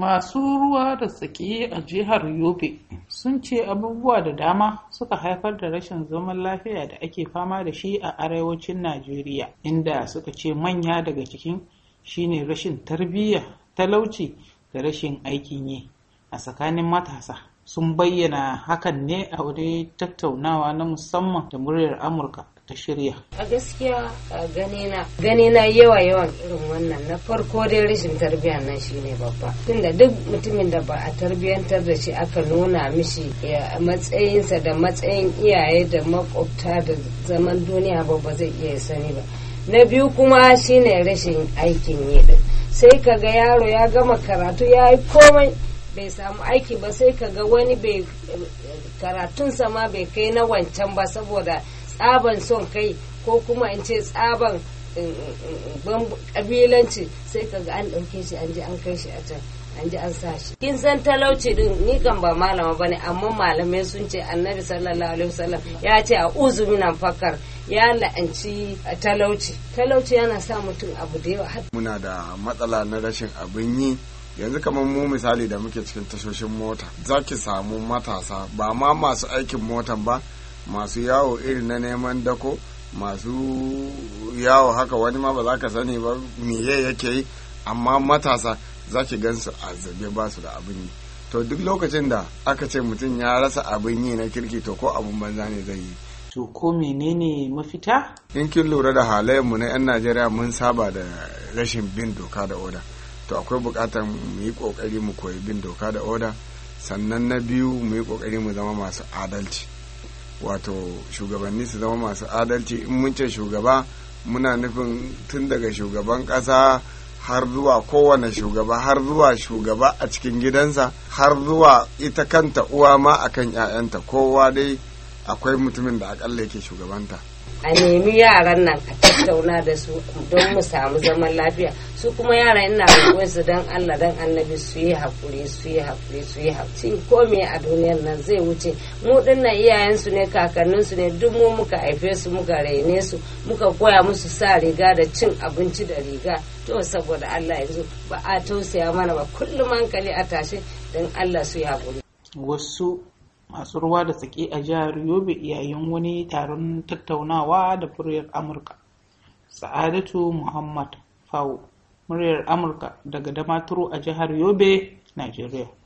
Masu ruwa da tsaki a jihar Yobe sun ce abubuwa da dama suka haifar da rashin zaman lafiya da ake fama da shi a arewacin Najeriya, inda suka ce manya daga cikin shine rashin tarbiyya, talauci da rashin aikin yi a tsakanin matasa. sun bayyana hakan ne a wani tattaunawa na musamman da muryar amurka ta shirya a gaskiya ganina na yawa yawan irin wannan na farko dai rashin tarbiyya nan shine babba tunda duk mutumin da ba a tarbiyyantar da shi aka nuna mishi matsayinsa da matsayin iyaye da makwabta da zaman duniya ba ba zai iya sani ba na biyu kuma shine rashin aikin yi sai kaga yaro ya gama karatu ya yi komai bai samu aiki ba sai ka ga wani bai karatunsa ma bai kai na wancan ba saboda tsaban son kai ko kuma in ce tsaban eh, eh, eh, kabilanci sai ka ga an ɗauke shi an ji an kai shi a can an ji an sa shi kin san talauci din ni kan ba malama bane amma malamai sun ce annabi sallallahu alaihi wasallam ya ce a uzu minan fakar ya la'anci talauci talauci yana sa mutum abu da yawa muna da matsala na rashin abin yi yanzu kamar mu misali da muke cikin tashoshin mota za ki samu matasa ba ma masu aikin motan ba masu yawo irin na neman dako masu yawo haka wani ma ba za ka sani ba miye yake yi amma matasa za ki su a zabe ba su da abin yi to duk lokacin da aka ce mutum ya rasa abin yi na kirki to ko abin banza ne zai yi to ko menene mafita in kin lura da halayenmu na 'yan najeriya mun saba da rashin bin doka da oda to akwai bukatar mu yi kokari mu koyi bin doka da oda sannan na biyu mu yi kokari mu zama masu adalci wato shugabanni su zama masu adalci in mun ce shugaba muna nufin tun daga shugaban ƙasa har zuwa kowane shugaba har zuwa shugaba a cikin gidansa har zuwa ita kanta uwa ma akan 'ya'yanta kowa dai akwai mutumin da akalla yake shugabanta a nemi yaran nan a tattauna da su don mu samu zaman lafiya su kuma yara ina rikon su don Allah don annabi su yi hakuri su yi hakuri su yi hakuri ko me a duniyar nan zai wuce mu dinnan iyayen su ne kakannin ne duk mu muka haife su muka raine su muka koya musu sa riga da cin abinci da riga to saboda Allah yanzu ba a tausaya mana ba kullum hankali a tashe don Allah su yi hakuri wasu masu ruwa da tsaki a jihar yobe yayin wani taron tattaunawa da muryar amurka sa'adatu muhammad fawo muryar amurka daga damaturu a jihar yobe nigeria